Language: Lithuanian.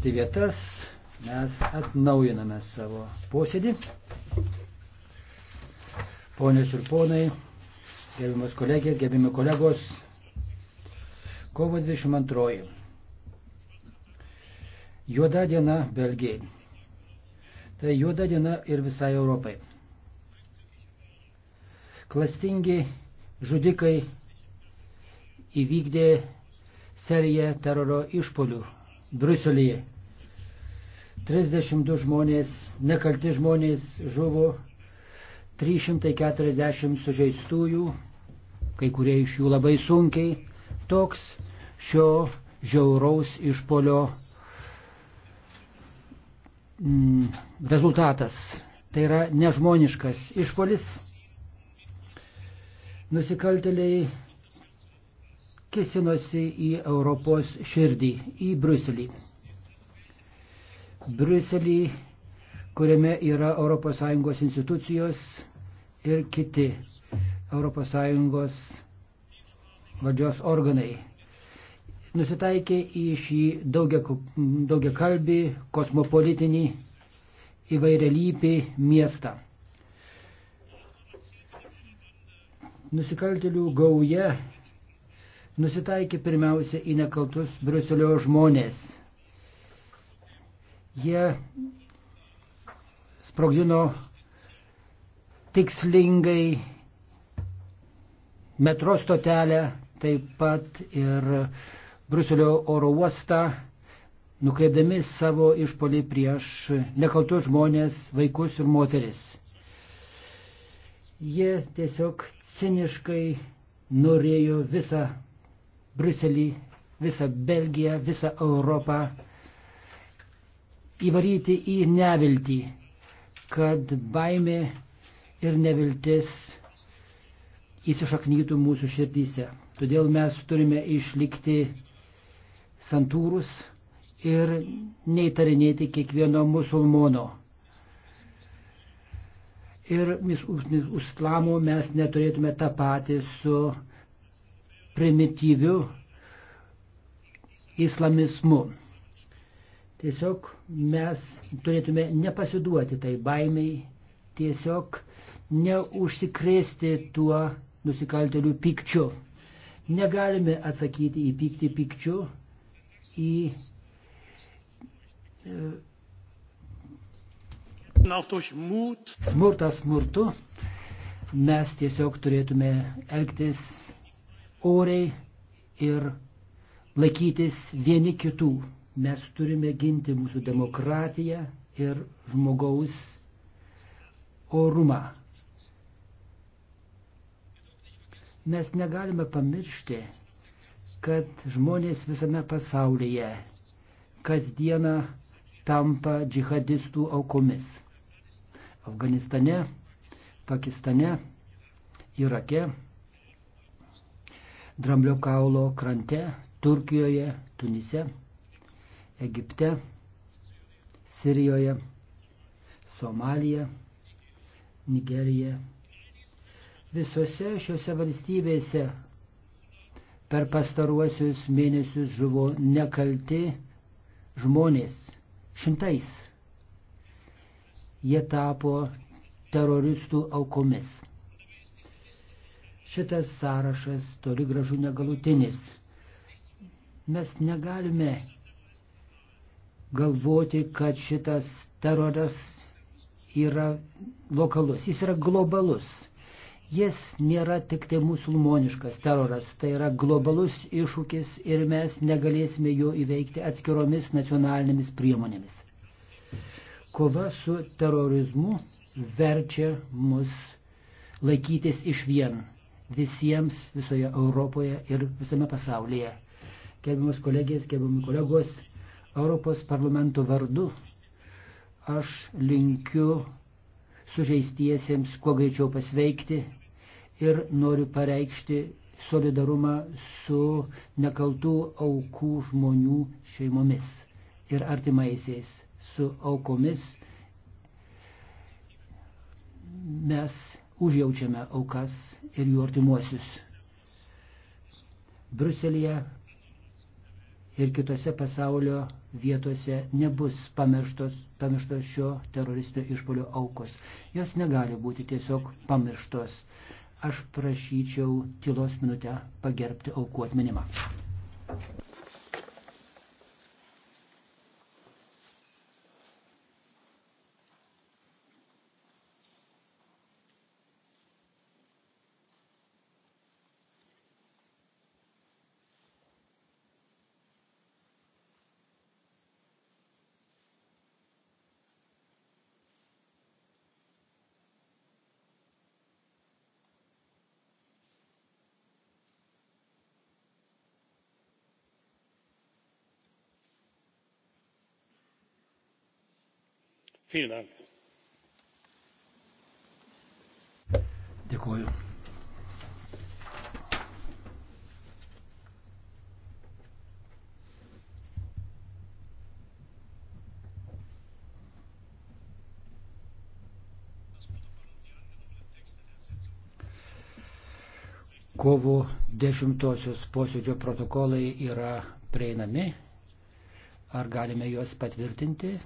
susirasti vietas, mes atnaujiname savo posėdį. Ponios ir ponai, gerbiamas kolegės, gerbiami kolegos, kovo 22. Juoda diena Belgijai. Tai juoda diena ir visai Europai. Klastingi žudikai įvykdė seriją teroro išpolių Bruselėje. 32 žmonės, nekalti žmonės žuvo, 340 sužeistųjų, kai kurie iš jų labai sunkiai. Toks šio žiauraus išpolio mm, rezultatas. Tai yra nežmoniškas išpolis. Nusikaltėliai kesinosi į Europos širdį, į Bruselį. Bruselį, kuriame yra ES institucijos ir kiti ES valdžios organai. Nusitaikė į šį daugiakalbį, kosmopolitinį, įvairialypį miestą. Nusikaltelių gauja nusitaikė pirmiausia į nekaltus Bruselio žmonės. Jie sprogdino tikslingai metro stotelę, taip pat ir Bruselio oro uostą, nukreipdami savo išpolį prieš nekaltus žmonės, vaikus ir moteris. Jie tiesiog ciniškai norėjo visą Bruselį, visą Belgiją, visą Europą įvaryti į neviltį, kad baimė ir neviltis įsišaknytų mūsų širdyse. Todėl mes turime išlikti santūrus ir neįtarinėti kiekvieno musulmono. Ir islamo mes neturėtume tą patį su primityviu islamizmu. Tiesiog mes turėtume nepasiduoti tai baimiai, tiesiog neužsikrėsti tuo nusikaltelių pykčiu. Negalime atsakyti į pyktį pykčiu, į. E, smurtą smurtu mes tiesiog turėtume elgtis oriai ir laikytis vieni kitų. Mes turime ginti mūsų demokratiją ir žmogaus orumą. Mes negalime pamiršti, kad žmonės visame pasaulyje kasdieną tampa džihadistų aukomis. Afganistane, Pakistane, Irake, Dramblio kaulo krante, Turkijoje, Tunise, Egipte, Sirijoje, Somalija, Nigerija. Visose šiuose valstybėse per pastaruosius mėnesius žuvo nekalti žmonės šimtais. Jie tapo teroristų aukomis. Šitas sąrašas toli gražu negalutinis. Mes negalime galvoti, kad šitas teroras yra lokalus, jis yra globalus. Jis nėra tik tai musulmoniškas teroras, tai yra globalus iššūkis ir mes negalėsime jo įveikti atskiromis nacionalinėmis priemonėmis. Kova su terorizmu verčia mus laikytis iš vien visiems visoje Europoje ir visame pasaulyje. Gerbiamas kolegės, gerbiami kolegos, Europos parlamento vardu aš linkiu sužeistiesiems kuo greičiau pasveikti ir noriu pareikšti solidarumą su nekaltų aukų žmonių šeimomis ir artimaisiais, su aukomis. Mes užjaučiame aukas ir jų artimuosius. Bruselėje ir kitose pasaulio vietose nebus pamirštos, pamirštos šio teroristų išpolio aukos. Jos negali būti tiesiog pamirštos. Aš prašyčiau tylos minutę pagerbti aukų atminimą. vielen dank. dėkoju. kovo 10 posėdžio protokolai yra prieinami. Ar galime juos patvirtinti?